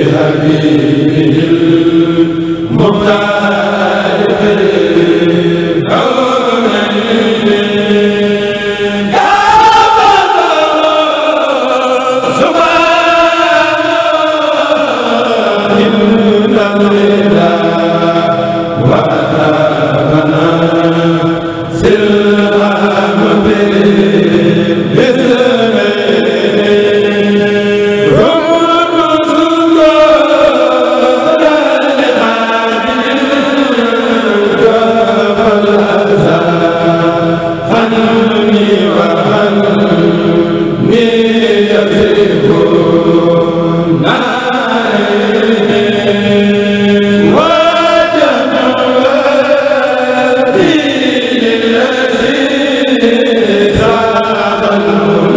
بحبيبه المختار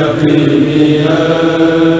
يقينا